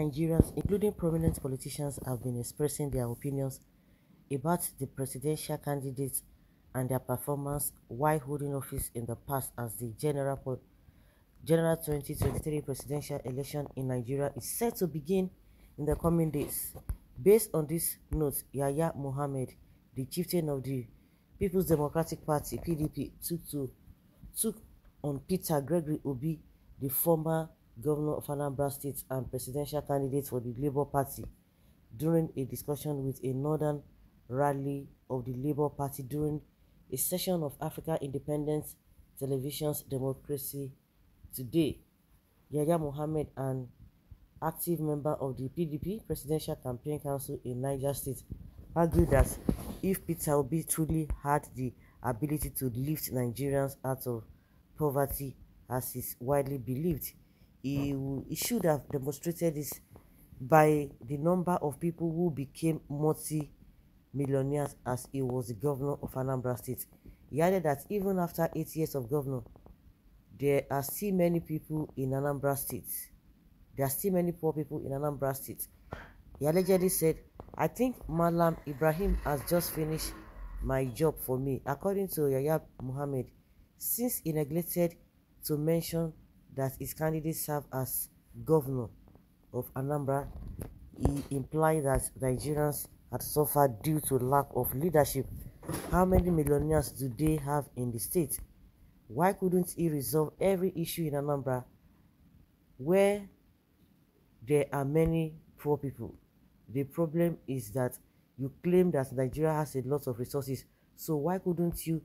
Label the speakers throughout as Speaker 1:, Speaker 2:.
Speaker 1: Nigerians, including prominent politicians, have been expressing their opinions about the presidential candidates and their performance while holding office in the past as the general, general 2023 presidential election in Nigeria is set to begin in the coming days. Based on this note, Yaya Mohammed, the chieftain of the People's Democratic Party, PDP, took, to, took on Peter Gregory Obi, the former governor of Anambra State and presidential candidate for the Labour Party, during a discussion with a northern rally of the Labour Party during a session of Africa Independence Television's Democracy Today. Yaya Mohammed, an active member of the PDP Presidential Campaign Council in Niger State, argued that if Peter Obi truly had the ability to lift Nigerians out of poverty, as is widely believed, he, he should have demonstrated this by the number of people who became multi-millionaires as he was the governor of Anambra State. He added that even after eight years of governor, there are still many people in Anambra State. There are still many poor people in Anambra State. He allegedly said, I think Malam Ibrahim has just finished my job for me. According to Yaya Muhammad, since he neglected to mention that his candidate served as governor of Anambra, he implied that Nigerians had suffered due to lack of leadership. How many millionaires do they have in the state? Why couldn't he resolve every issue in Anambra where there are many poor people? The problem is that you claim that Nigeria has a lot of resources, so why couldn't you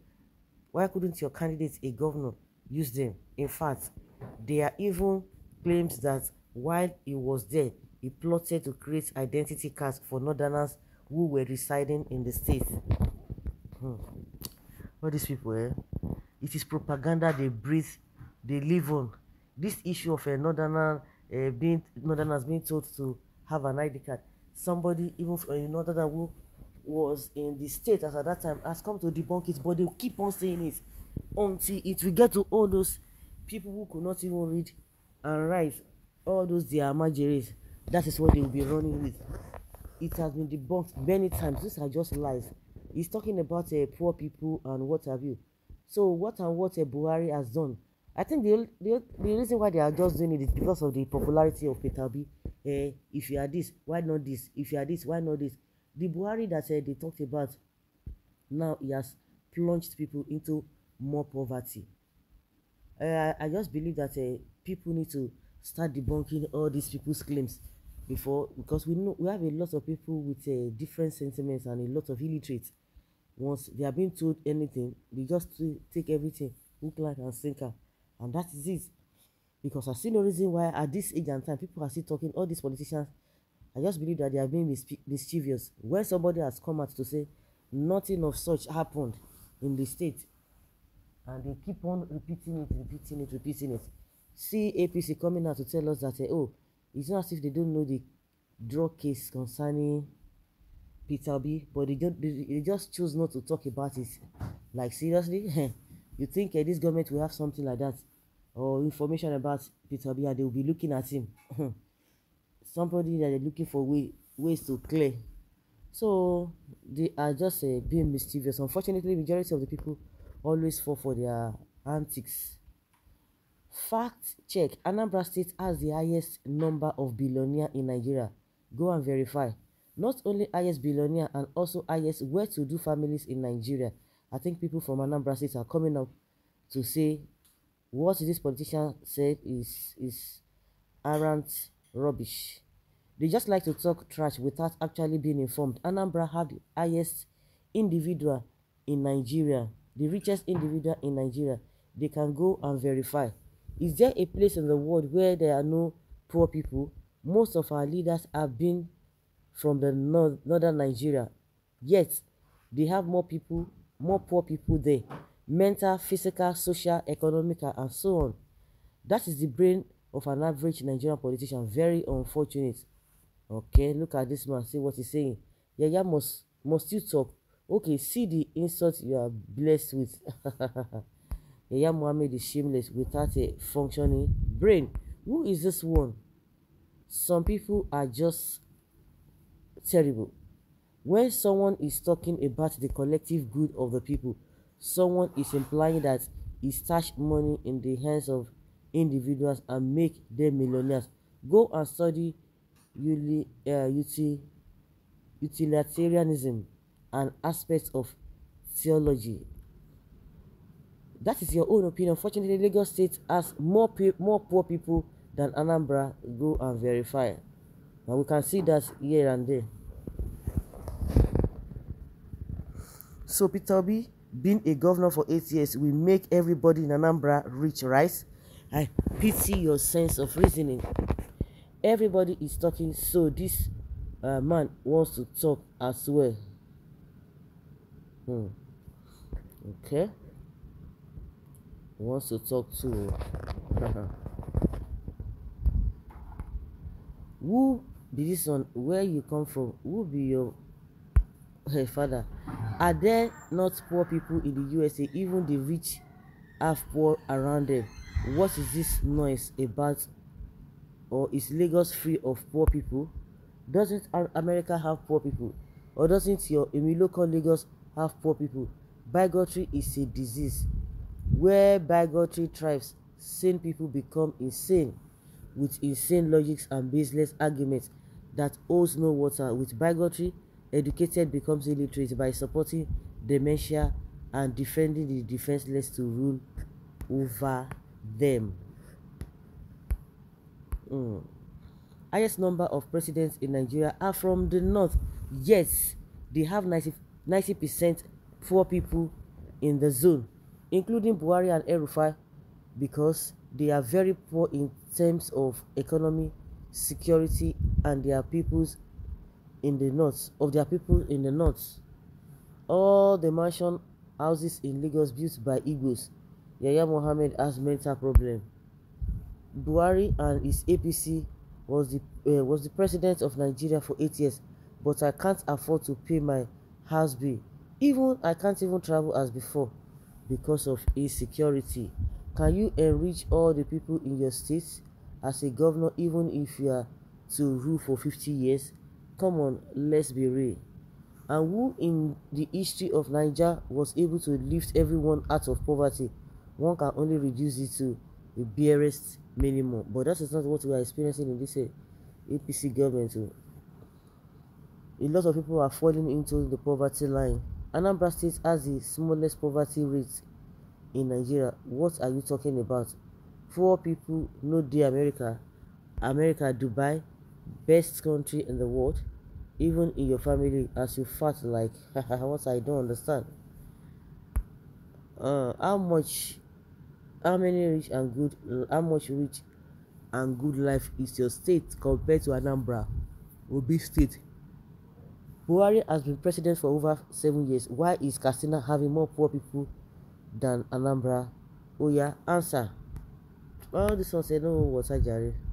Speaker 1: why couldn't your candidate a governor use them? In fact, there are even claims that while he was there, he plotted to create identity cards for northerners who were residing in the state. Hmm. these people, eh? it is propaganda they breathe, they live on. This issue of a eh, northerner uh, being northerners being told to have an ID card. Somebody even from a northerner who was in the state as at that time has come to debunk it, but they keep on saying it until it will get to all those people who could not even read and write, all those their margeries, that is what they will be running with. It has been debunked many times. These are just lies. He's talking about uh, poor people and what have you. So what and what uh, Buhari has done. I think the, the the reason why they are just doing it is because of the popularity of Peter B. Uh, if you are this, why not this? If you are this, why not this? The Buhari that uh, they talked about, now he has plunged people into more poverty. Uh, I just believe that uh, people need to start debunking all these people's claims before because we know we have a lot of people with uh, different sentiments and a lot of illiterate. Once they are being told anything, they just take everything hook, line, and sinker, and that is it. Because I see no reason why at this age and time people are still talking. All these politicians, I just believe that they are being mis- mischievous. When somebody has come out to say nothing of such happened in the state, and they keep on repeating it, repeating it, repeating it. See APC coming out to tell us that, uh, oh, it's not as if they don't know the drug case concerning Peter B, but they don't. they, they just choose not to talk about it. Like, seriously? you think uh, this government will have something like that or information about Peter B and they will be looking at him? Somebody that they're looking for way, ways to clear. So, they are just uh, being mischievous. Unfortunately, majority of the people always fall for their antics. Fact check Anambra State has the highest number of billionaires in Nigeria. Go and verify. Not only highest billionaire and also highest where to do families in Nigeria. I think people from Anambra State are coming up to say what this politician said is is arrant rubbish. They just like to talk trash without actually being informed. Anambra have the highest individual in Nigeria the richest individual in Nigeria. They can go and verify. Is there a place in the world where there are no poor people? Most of our leaders have been from the north, northern Nigeria. Yet, they have more people, more poor people there. Mental, physical, social, economical, and so on. That is the brain of an average Nigerian politician. Very unfortunate. Okay, look at this man, see what he's saying. Yeah, yeah, must, must you talk? okay see the insult you are blessed with yaya mohammed is shameless without a functioning brain who is this one some people are just terrible when someone is talking about the collective good of the people someone is implying that he stash money in the hands of individuals and make them millionaires go and study uh, utilitarianism an aspect of theology. That is your own opinion. Fortunately, Lagos State has more more poor people than Anambra. Go and verify. And we can see that here and there. So Peter Obi, being a governor for eight years, we make everybody in Anambra rich, right? I pity your sense of reasoning. Everybody is talking, so this uh, man wants to talk as well. Hmm. Okay. He wants to talk to. Who be this one? Where you come from? Who be your her father? Are there not poor people in the USA? Even the rich have poor around them. What is this noise about? Or is Lagos free of poor people? Doesn't America have poor people? Or doesn't your Emilio Lagos have poor people. Bigotry is a disease where bigotry thrives. Sane people become insane with insane logics and baseless arguments that holds no water. With bigotry, educated becomes illiterate by supporting dementia and defending the defenseless to rule over them. Mm. Highest number of presidents in Nigeria are from the north. Yes, they have 90, 90% poor people in the zone, including Buhari and Erufai, because they are very poor in terms of economy, security, and their peoples in the north of their people in the north. All the mansion houses in Lagos built by Igbos, Yahya Mohammed has mental problem. Buhari and his APC was the uh, was the president of Nigeria for eight years, but I can't afford to pay my has been even i can't even travel as before because of insecurity can you enrich all the people in your state as a governor even if you are to rule for 50 years come on let's be real and who in the history of niger was able to lift everyone out of poverty one can only reduce it to the barest minimum but that is not what we are experiencing in this uh, apc government. Oh. a lot of people are falling into the poverty line. Anambra State has the smallest poverty rate in Nigeria. What are you talking about? Four people know the America. America, Dubai, best country in the world. Even in your family, as you fat like, what I don't understand. Uh, how much, how many rich and good, how much rich and good life is your state compared to Anambra, Obi State? Buhari has been president for over seven years. Why is Katsina having more poor people than Anambra? Oya, answer. Well, this one say no, what I jare.